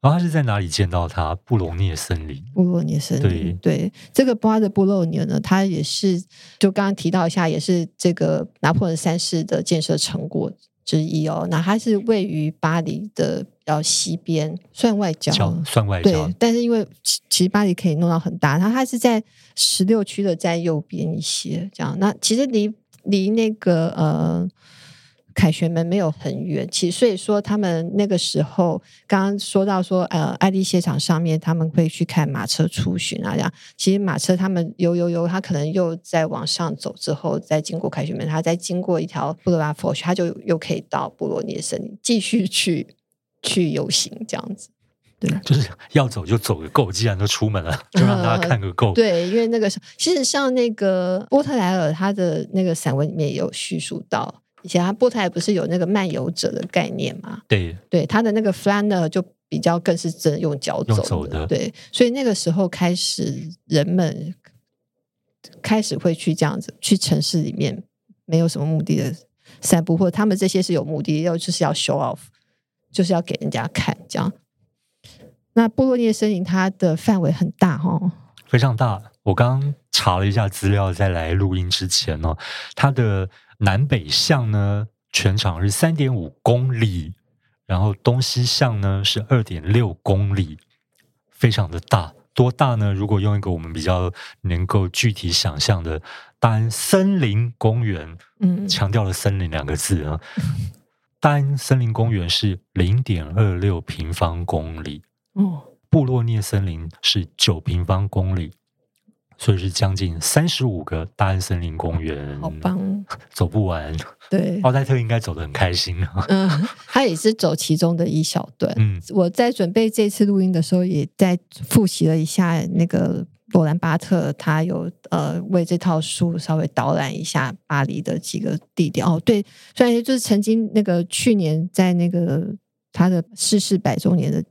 Speaker 1: 然、哦、後他是在哪裡見到他？布洛涅森林。
Speaker 2: 布洛涅森林，對，對這個巴黎的布洛涅呢，它也是就剛剛提到一下，也是這個拿破崙三世的建設成果之一哦。那它是位於巴黎的呃西邊，算外郊，算外郊對，但是因為其實巴黎可以弄到很大，然後它是在十六區的在右邊一些，這樣。那其實離離那個呃。凱旋門沒有很遠，其實所以說他們那個時候，剛剛說到說呃，愛麗舍場上面他們會去看馬車出巡啊，這樣。其實馬車他們遊游游，他可能又再往上走之後，再經過凱旋門，他再經過一條布洛拉佛，他就又可以到布洛涅森林繼續去去遊行這樣子。
Speaker 1: 對，就是要走就走個夠，既然都出門了，就讓大家看個夠，呃。對，
Speaker 2: 因為那個時候，其實像那個波特萊爾他的那個散文裡面也有敘述到。以前他波台不是有那個漫遊者的概念嗎？對，對，他的那個 flanner 就比較更是真用腳走的，用走的，對，所以那個時候開始，人們開始會去這樣子去城市裡面沒有什麼目的的散步，或者他們這些是有目的，要就是要 show off，就是要給人家看這樣。那波洛涅森林它的範圍很大哦，
Speaker 1: 非常大。我剛查了一下資料，在來錄音之前呢、哦，它的。南北向呢，全長是三點五公里，然後東西向呢是二點六公里，非常的大。多大呢？如果用一個我們比較能夠具體想象的，大安森林公園，嗯，強調了“森林”兩個字啊，大安、嗯、森林公園是零點二六平方公里，哦，布洛涅森林是九平方公里。所以是將近三十五個大安森林公園，好棒，走不完。對，奧、哦、黛特應該走得很開心、啊、嗯，
Speaker 2: 他也是走其中的一小段。嗯， 我在準備這次錄音的時候，也在複習了一下那個羅蘭巴特，他有呃為這套書稍微導覽一下巴黎的幾個地點。哦，對，雖然就是曾經那個去年在那個他的逝世百周年的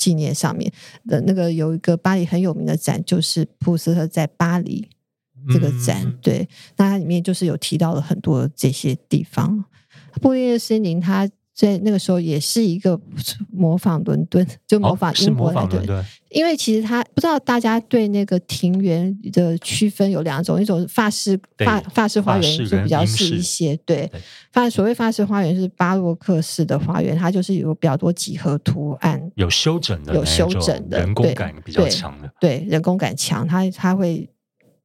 Speaker 2: 紀念上面的那個有一個巴黎很有名的展，就是普斯特在巴黎這個展。嗯，對，那它裡面就是有提到了很多這些地方，布洛涅森林他。所以那個時候也是一個模仿倫敦，就模仿英國倫敦。因為其實他不知道大家對那個庭園的區分有兩種，一種是法式，法法式花園就比較細一些。對，法所謂法式花園是巴洛克式的花園，它就是有比較多幾何圖案，
Speaker 1: 有修整的，有修整的，人工感比較強的，
Speaker 2: 對，對對人工感強，它它會。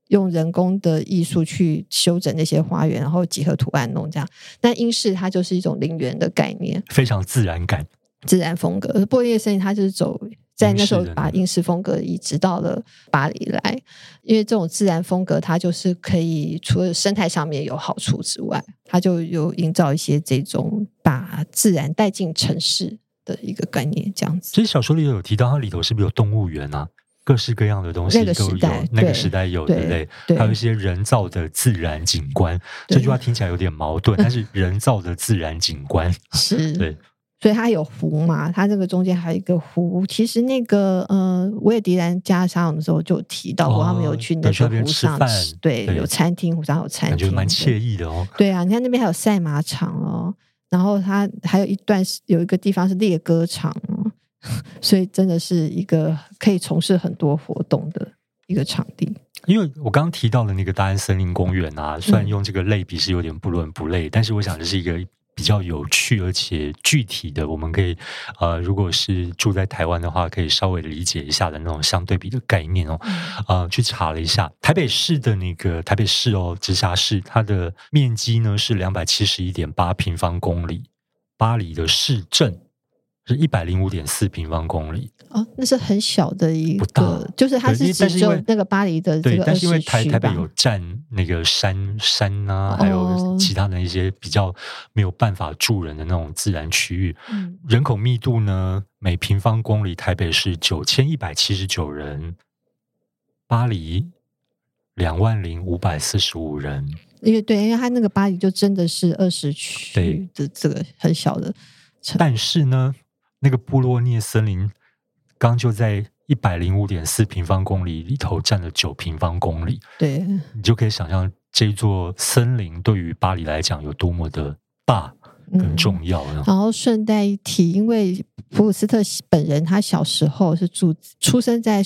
Speaker 2: 用人工的藝術去修整那些花園，嗯、然後幾何圖案弄這樣。那英式它就是一種林園的概念，
Speaker 1: 非常自然感、
Speaker 2: 自然風格。布洛涅森林，它就是走在那時候把英式風格移植到了巴黎來，因為這種自然風格，它就是可以除了生態上面有好處之外，它就有營造一些這種把自然帶進城市的一個概念這樣
Speaker 1: 子。所以小說裡有提到，它裡頭是不是有動物園啊？各式各樣的東西都有，那個時代、那個、時代有的嘞，還有一些人造的自然景觀。這句話聽起來有點矛盾，但是人造的自然景觀 是對。
Speaker 2: 所以它有湖嘛？它這個中間還有一個湖。其實那個呃，我也迪蘭加沙龍的時候就提到過，哦、他們有去那邊吃飯，對，有餐廳，湖上有
Speaker 1: 餐廳，感覺蠻愜意的哦。
Speaker 2: 對啊，你看那邊還有賽馬場哦，然後它還有一段是有一個地方是獵歌場哦。所以真的是一個可以從事很多活動的一個場地。
Speaker 1: 因為我剛剛提到了那個大安森林公園啊，雖然用這個類比是有點不倫不類，嗯，但是我想這是一個比較有趣而且具體的，我們可以呃，如果是住在台灣的話，可以稍微理解一下的那種相對比的概念哦。嗯、呃，去查了一下，台北市的那個台北市哦，直轄市，它的面積呢是兩百七十一點八平方公里。巴黎的市鎮，是一百零五點四平方公里
Speaker 2: 哦，那是很小的一個，不大，就是它是只有那個巴黎的這個對，但是因為台台北有
Speaker 1: 佔那個山山啊、哦，還有其他的一些比較沒有辦法住人的那種自然區域，嗯、人口密度呢，每平方公里台北是九千一百七十九人，巴黎兩萬零五百四十五人，
Speaker 2: 因為對，因為它那個巴黎就真的是二十區的對的這
Speaker 1: 個很小的城，但是呢，那個布洛涅森林剛就在一百零五點四平方公里裡頭占了九平方公里，對，你就可以想象這座森林對於巴黎來講有多麼的大。很重要。然
Speaker 2: 後順帶一提，因為普魯斯特本人他小時候是住出生在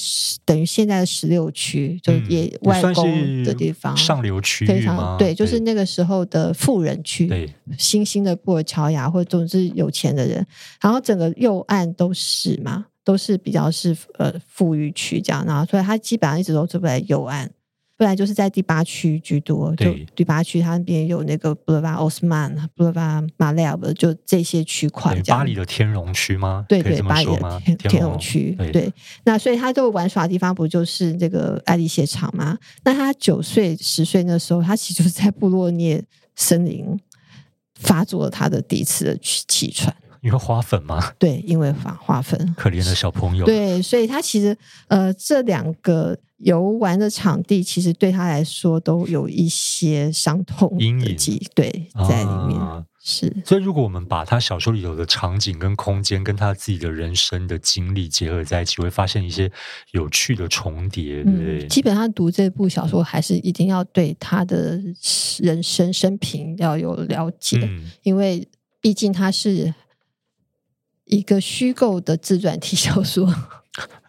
Speaker 2: 等於現在的十六區，就也外公的地方，嗯、上
Speaker 1: 流區非常，對，就
Speaker 2: 是那個時候的富人區，對，新興的布爾喬亞，或者總之有錢的人。然後整個右岸都是嘛，都是比較是呃富裕區這樣，然後所以他基本上一直都住在右岸。不然就是在第八區居多對，就第八區他那邊有那個布勒瓦奧斯曼、布勒瓦馬雷爾，就這些區塊。巴黎
Speaker 1: 的天龍區嗎？對對，巴黎的天對對對黎的天龍區。對，
Speaker 2: 那所以他都玩耍的地方不就是這個愛麗鞋廠嗎？那他九歲十歲那時候，他其實就是在布洛涅森林發作了他的第
Speaker 1: 一次的氣氣喘，因為花粉嗎？
Speaker 2: 對，因為花花粉。可憐的小朋友。對，所以他其實呃這兩個。遊玩的場地其實對他來說都有一些傷痛陰影，對，在裡面、
Speaker 1: 啊、是。所以，如果我們把他小說裡頭的場景跟空間跟他自己的人生的經歷結合在一起，會發現一些有趣的重疊、對、嗯。基
Speaker 2: 本上讀這部小說還是一定要對他的人生生平要有了解，嗯、因為畢竟他是一個虛構的自傳體小說。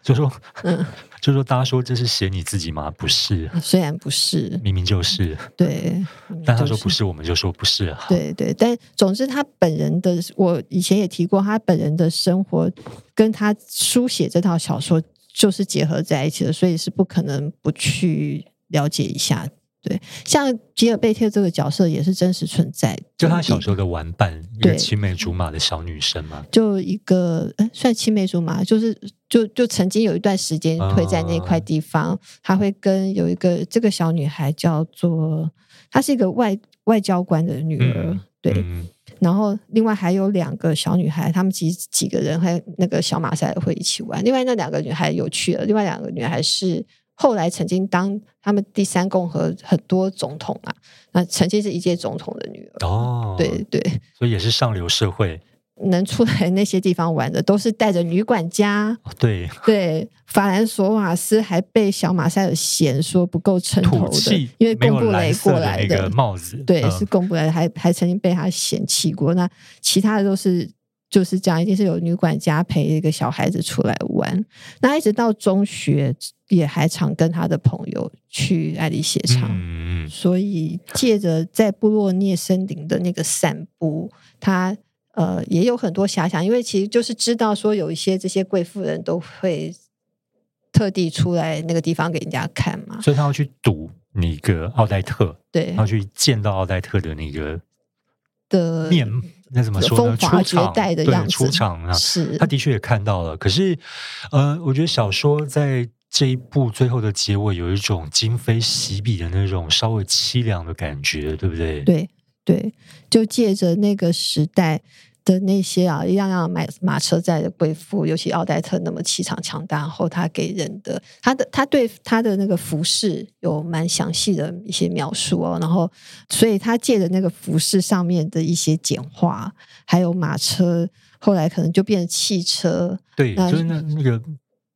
Speaker 1: 就說，嗯。就是說大家說這是寫你自己嗎？不是，啊，雖然不是，明明就是。嗯，
Speaker 2: 對，但他說不是，
Speaker 1: 就是，我們就說不是。對，
Speaker 2: 對對，但總之他本人的，我以前也提過，他本人的生活跟他書寫這套小說就是結合在一起的，所以是不可能不去了解一下。對，像吉爾貝特這個角色也是真實存在的，
Speaker 1: 就他小時候的玩伴，對青梅竹馬的小女生嘛，
Speaker 2: 就一個算青梅竹馬，就是就就曾經有一段時間推在那塊地方、啊，他會跟有一個這個小女孩叫做她，是一個外外交官的女兒，嗯、對、嗯，然後另外還有兩個小女孩，他們幾幾個人還有那個小馬賽會一起玩，另外那兩個女孩有趣了，另外兩個女孩是。後來曾經當他們第三共和很多總統啊，那曾經是一屆總統的女
Speaker 1: 兒哦，對對，所以也是上流社會
Speaker 2: 能出來那些地方玩的，都是帶着女管家。哦、對對，法蘭索瓦斯還被小馬賽爾嫌說不夠稱頭的，氣的因為貢布雷過來的帽子，對，嗯、對是貢布雷還還曾經被他嫌棄過。那其他的都是。就是講，一定是有女管家陪一個小孩子出來玩。那一直到中學，也還常跟他的朋友去愛麗舍。嗯。所以借着在布洛涅森林的那個散步，他呃也有很多遐想。因為其實就是知道說，有一些這些貴婦人都會特地出來那個地方給人家看嘛。
Speaker 1: 所以他要去堵那個奧黛特，對，要去見到奧黛特的那個
Speaker 2: 的面。的
Speaker 1: 那怎麼說呢？風華絕代的樣子。出場，對，出場啊，是，他的確也看到了。可是，呃，我覺得小說在這一部最後的結尾有一種今非昔比的那種稍微淒涼的感覺，對不對？
Speaker 2: 對，對，就借着那個時代。的那些啊，一樣樣買馬車在的貴婦，尤其奧黛特那麼氣場強大，然後她給人的，她的她對她的那個服飾有蠻詳細的一些描述哦，然後所以她借的那個服飾上面的一些簡化，還有馬車後來可能就變成汽車，對，是就是那那
Speaker 1: 個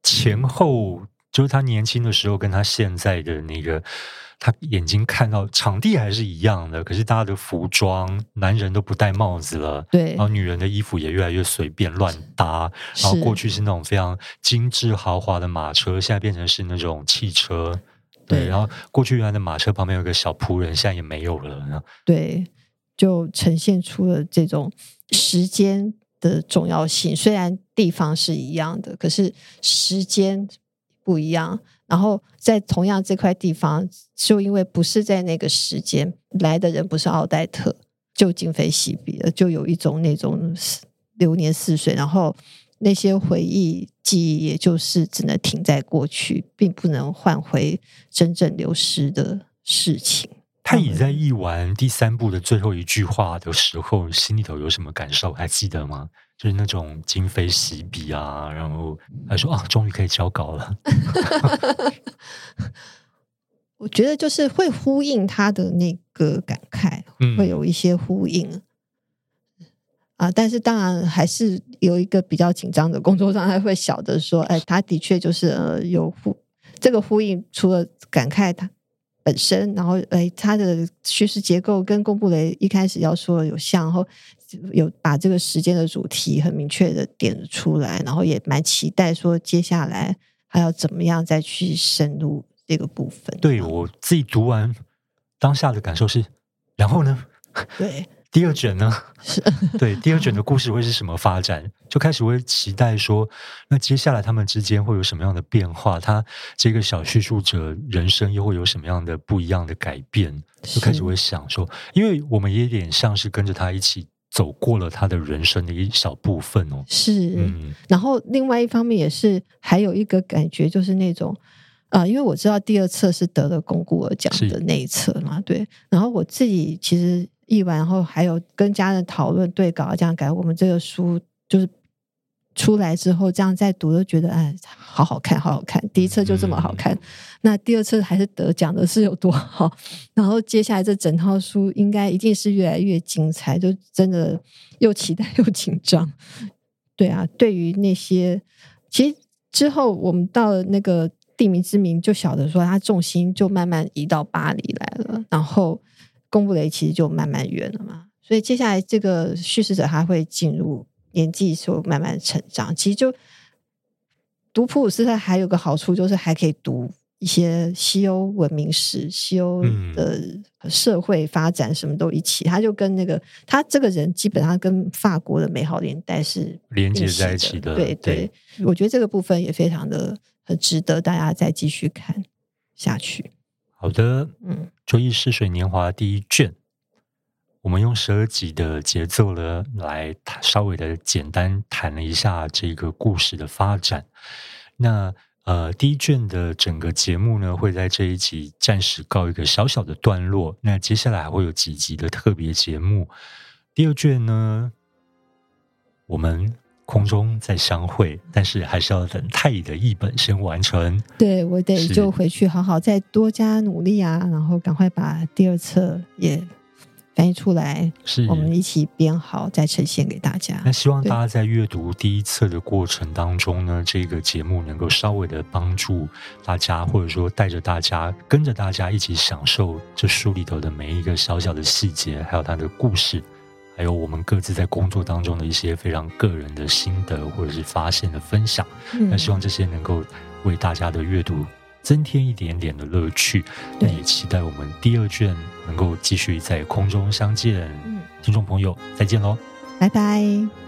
Speaker 1: 前後。就是他年輕的時候，跟他現在的那個，他眼睛看到場地還是一樣的，可是大家的服裝，男人都不戴帽子了，對，然後女人的衣服也越來越隨便亂搭，然後過去是那種非常精緻豪華的馬車，現在變成是那種汽車，對，對然後對，然後過去原來的馬車旁邊有個小僕人，現在也沒有了，
Speaker 2: 對，就呈現出了這種時間的重要性。雖然地方是一樣的，可是時間，不一樣，然後在同樣這塊地方，就因為不是在那個時間來的人不是奧黛特，就今非昔比了，就有一種那種流年似水。然後那些回憶記憶，也就是只能停在過去，並不能換回真正流失的事
Speaker 1: 情。他已在譯完第三部的最後一句話的時候，心裡頭有什麼感受？還記得嗎？就是那種今非昔比啊，然後他說啊、哦，終於可以交稿了。
Speaker 2: 我覺得就是會呼應他的那個感慨，會有一些呼應啊。但是當然還是有一個比較緊張的工作狀態，會曉得說，哎，他的確就是、呃、有呼這個呼應，除了感慨他。本身，然後誒，他的敘事結構跟宮布雷一開始要說的有像，然後有把這個時間的主題很明確的點出來，然後也蠻期待說接下來還要怎麼樣再去深入這個部分。
Speaker 1: 對，我自己讀完當下的感受是，然後呢？
Speaker 2: 對。
Speaker 1: 第二卷呢？ 對，第二卷的故事會是什麼發展？ 就開始會期待說，那接下來他們之間會有什麼樣的變化？他這個小敘述者人生又會有什麼樣的不一樣的改變？就開始會想說，因為我們也有點像是跟着他一起走過了他的人生的一小部分哦。
Speaker 2: 是，嗯、然後另外一方面也是還有一個感覺，就是那種啊、呃，因為我知道第二冊是得了龔古爾獎的那一冊嘛，對。然後我自己其實。譯完後還有跟家人討論、對稿這樣改。我們這個書就是出來之後，這樣再讀都覺得哎，好好看，好好看。第一冊就這麼好看，那第二冊還是得獎的是有多好？然後接下來這整套書應該一定是越來越精彩，就真的又期待又緊張。對啊，對於那些其實之後我們到了那個地名之名，就曉得說他重心就慢慢移到巴黎來了，然後。公布雷奇就慢慢遠了嘛，所以接下來這個敘事者他會進入年紀，就慢慢成長。其實就讀普魯斯特還有個好處，就是還可以讀一些西歐文明史、西歐的社會發展，什麼都一起。嗯、他就跟那個他這個人基本上跟法國的《美好年代》是
Speaker 1: 連接在一起的。對對，對，
Speaker 2: 我覺得這個部分也非常的很值得大家再繼續看下去。好的，嗯，
Speaker 1: 《追憶似水年華》第一卷，我們用十二集的節奏呢來稍微的簡單談了一下這個故事的發展。那呃，第一卷的整個節目呢，會在這一集暫時告一個小小的段落。那接下來還會有幾集的特別節目。第二卷呢，我們。空中再相會，但是還是要等太乙的譯本先完成。
Speaker 2: 對，我得就回去好好再多加努力啊，然後趕快把第二冊也翻譯出來，是我們一起編好再呈現給大家。那希望大
Speaker 1: 家在閱讀第一冊的過程當中呢，這個節目能夠稍微的幫助大家，嗯，或者說帶着大家，跟着大家一起享受這書裡頭的每一個小小的細節，還有它的故事。還有我們各自在工作當中的一些非常個人的心得，或者是發現的分享，那、嗯、希望這些能夠為大家的閱讀增添一點點的樂趣。對，那也期待我們第二卷能夠繼續在空中相見。嗯，聽眾朋友，再見嘍，
Speaker 2: 拜拜。